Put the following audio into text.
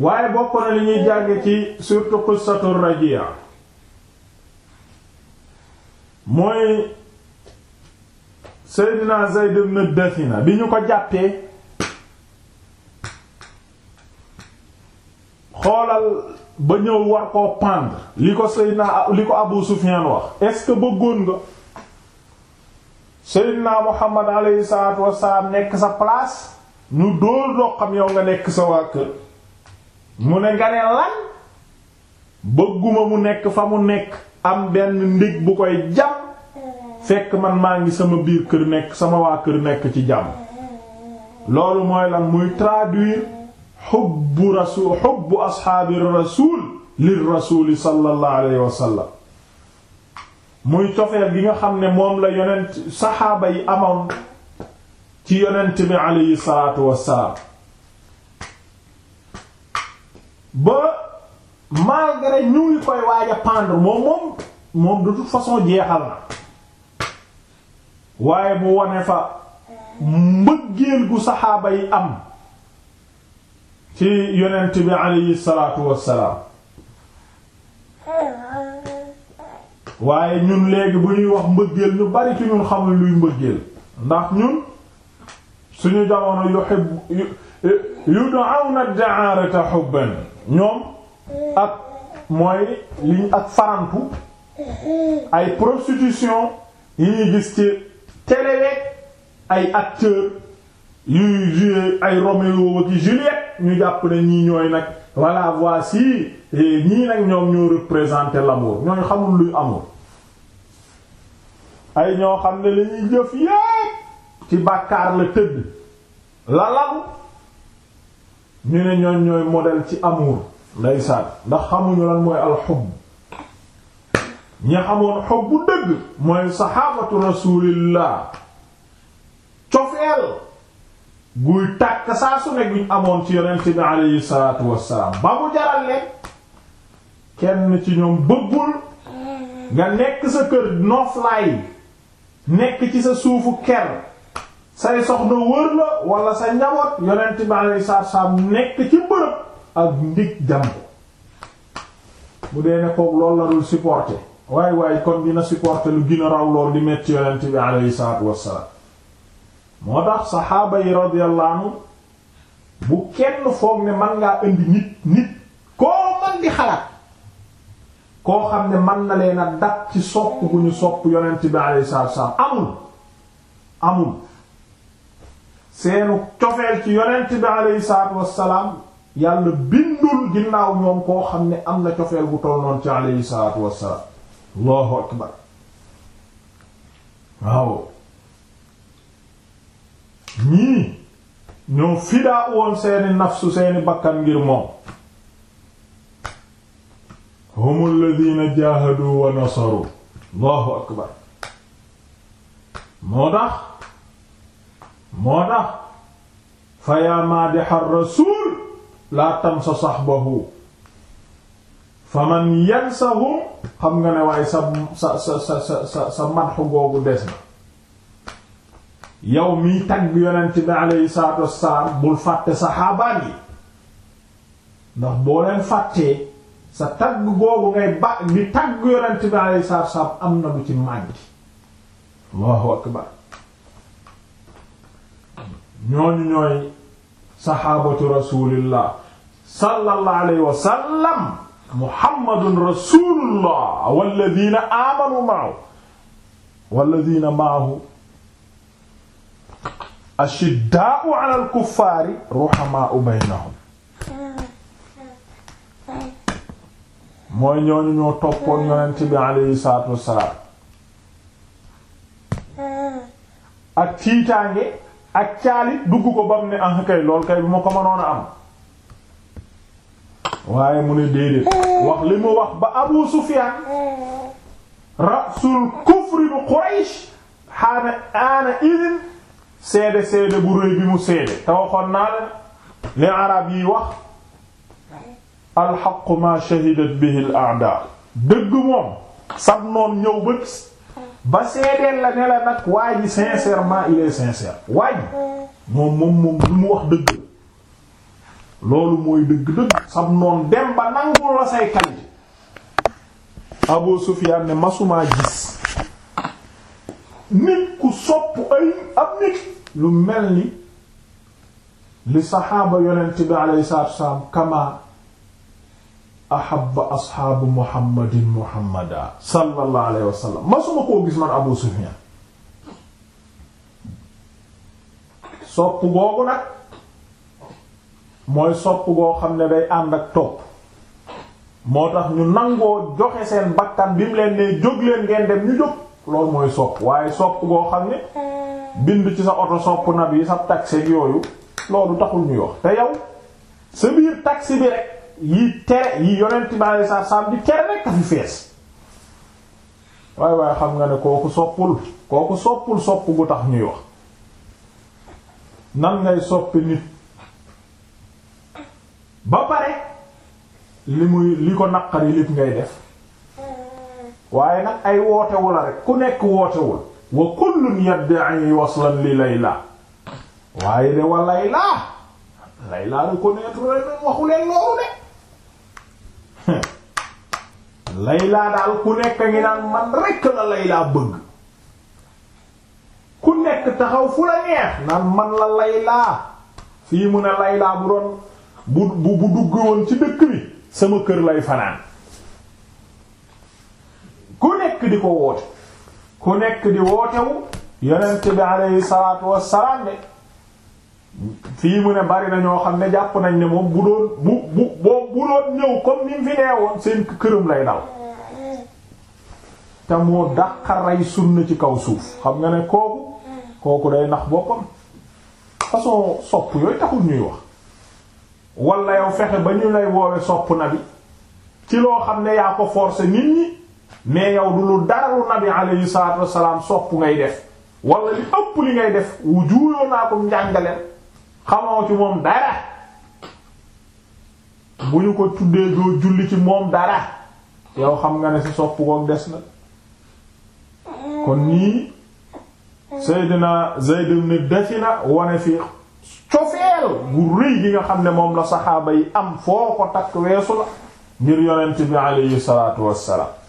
waaye bokk na li ñuy jàng ci surtout qissatu rajia mooy Seydina Zayd ibn Dathina bi ñu ko jàppee xoolal ba ñëw war koo pendre li ko Seydina li ko Abu Sufyan wax est-ce que bëggoon nga Seydina Muhammad alayhi salaatu wassalaam nekk sa place ñu dóor doxam yow nga nekk sa waa kër mu ne nga ne lan bëgguma mu nekk fa mu nekk am benn ndig bu koy jàmm fekk man maa ngi sama biir kër nekk sama waa kër nekk ci jàmm loolu mooy lan muy traduire xubbu rasul xubbu asxaabi rasul lir rasuli sallallahu alayhi wa muy cofeel gi nga xam ne moom la yonent saxaaba yi amoon ci yonent bi alayhi salaatu wassalaam ba malgré ñu ngi koy waaj a moom moom moom de toute façon jeexal na waaye bu wone fa mbëggeel gu saxaaba yi am ci yonent bi alayhi salaatu wassalaam waaye ñun léegi bu ñuy wax mbëggeel ñu bari ci ñun xamul luy mbëggeel ndax ñun suñu jamono yuhibbu yud'awna ad-da'arata hubban ñoom ak mooy liñ ak farantu ay prostitution yi ñuy gis ci télé ay acteurs yuy jouer ay Roméo ak Juliette ñu jàpp ne ñi ñooy nag voilà voici ñii nag ñoom ñoo représenter l'amour ñooy xamul luy amour ay ñoo xam ne li ñuy jëf yépp ci bàkkaar la tëdd la labu ñu ne ñooñ ñooy modèle ci amour ndeysaan ndax xamuñu lañ mooy alxubb ñi xamoon xob bu dëgg mooy saxaabatu rasulillah cofeel guy tàkk saa su ne guñ amoon ci yonent bi aleyhi salaatu wassalaam ba mu jaral leen kenn ci ñoom bëggul nga nekk sa kër noflaay nekk ci sa suufu ker say soxna wër la wala sa njaboot yonent bi alayhi salaatu salaam nekk ci bërëb ak ndig jàmb bu dee ne koog loolu la dul supporter waaye waaye kon dina supporter lu gën a raw lool di metti yonent bi alayhi salaatu wassalaam moo tax saxaaba yi radiyallahu bu kenn foog ne man ngaa indi nit nit koo man di xalaat koo xam ne man na leen a dab ci sopp gu ñu sopp yonent bi alayhi salaatu wassalaam amul amul seenu cofeel ci yonent bi aleyhi salaatu wassalaam yàlla bindul ginnaaw ñoom koo xam ne am na cofeel bu toll noonu ci aleyhi salaatu wassalaam allahu akbar waaw ñii ñoo fidaa woon seeni nafsu seeni bakkan ngir moom hum alladhina jaahadu wa nasaru allahu akbar moo tax moo tax fa yaa maadixa rasuul laa tansa saxbahu fa man yansahum xam nga ne waaye sa sa sa sa sa sa madxu googu des na yow miy tagg yonent bi aleyhi salaatu bul fàtte saxaabaan yi ndax boo leen fàttee sa tagg googu ngay ba di tagg yonent bi aleyhi salaatu am na lu ci màngi Allahu akbar ñooñu ñooy saxaabatu rasulillah sallallahu alayhi wa sallam muhammadun rasulullah walladina amanu ma'ahu walladina ma'ahu ashiddaa'u 'ala al-kuffaari ruhamaa'u mooy ñooñu ñoo toppoon yonent bi alayhi salaatu wassalaam ak caali dugg ko ba mu ne ah kay lool kay bu ma ko mënoon a am waaye mu ne déedéet wax li mu wax ba Abu Sufyan rasul kufri bu Quraysh xaana aana idin seede seede bu rëy bi mu seede te waxoon naa la li arab yi wax alxaqu ma shahidat bihi al a'da dëgg moom sab noon ñëw ba ba seedeel la ne la nag waa ji sincèrement il est sincère waa ji moom moom moom lu mu wax dëgg loolu mooy dëgg-dëgg sam noon dem ba nangul la say qualité Abu Sufyan ne masumaa gis nit ku sopp ay ab nit lu mel ni li saxaaba yonent bi alayhi salaatu wa salaam ahabba asxaabu muhammadin muhammada sallallahu alayhi wa sallam masuma koo gis man abu sufyan sopp googu nag mooy sopp goo xam ne day ànd ak topp moo tax ñu nangoo joxe seen bakkan bi mu leen ne jóg leen ngeen dem ñu jóg loolu mooy sopp waaye sopp goo xam ne bind ci sa oto sopp na bi sa taxi yooyu loolu taxul ñuy wax te yow sa biir taxi bi rek yi tere yi yonent bale sa sam di tere rekk a fi fees waaye waaye xam nga ne kooku soppul kooku soppul sopp gu tax ñuy wax nan ngay soppi nit ba pare li muy li ko naqari lépp ngay def waaye nag ay wootewu la rek ku nekk wootewul wa kullun yadda'i waslan li layla waaye de wa layla layla reconnaître leen waxu leen loolu de laylaa daal ku nekk ngi naan man rekk la laylaa bëgg ku nekk taxaw fu la neex naan man la laylaa fii mu ne laylaa bu doon bu bu bu dugg woon ci dëkk bi sama kër lay fanaan ku nekk di ko woote ku nekk di wootewu yonent bi alayhi salaatu wassalaam de fii mu ne bari na ñoo xam ne jàpp nañ ne moom bu doon bu ñëw comme ni mu fi nee seen këram lay dal te moo dàqa rey sunna ci kaw suuf xam nga ne kooku kooku day nax boppam façon sopp yooyu taxul ñuy wax wala yow fexe ba ñu lay woore sopp nabi ci loo xam ne yaa ko forcer nit ñi mais yow du lu dara lu nabi alayhi salaatu wassalaam sopp ngay def wala li ëpp li ngay def wu juuyoo naa ko njàngaleen xamoo ki moom dara bu ñu ko tuddee doo julli ci moom dara yow xam nga ne si sopp kook des na kon nii Seydina Zayd ibn na wane fii cofeel gu rëy gi nga xam ne moom la saxaaba yi am foo ko takk weesu la ngir yonent bi alayhi salaatu wassalaam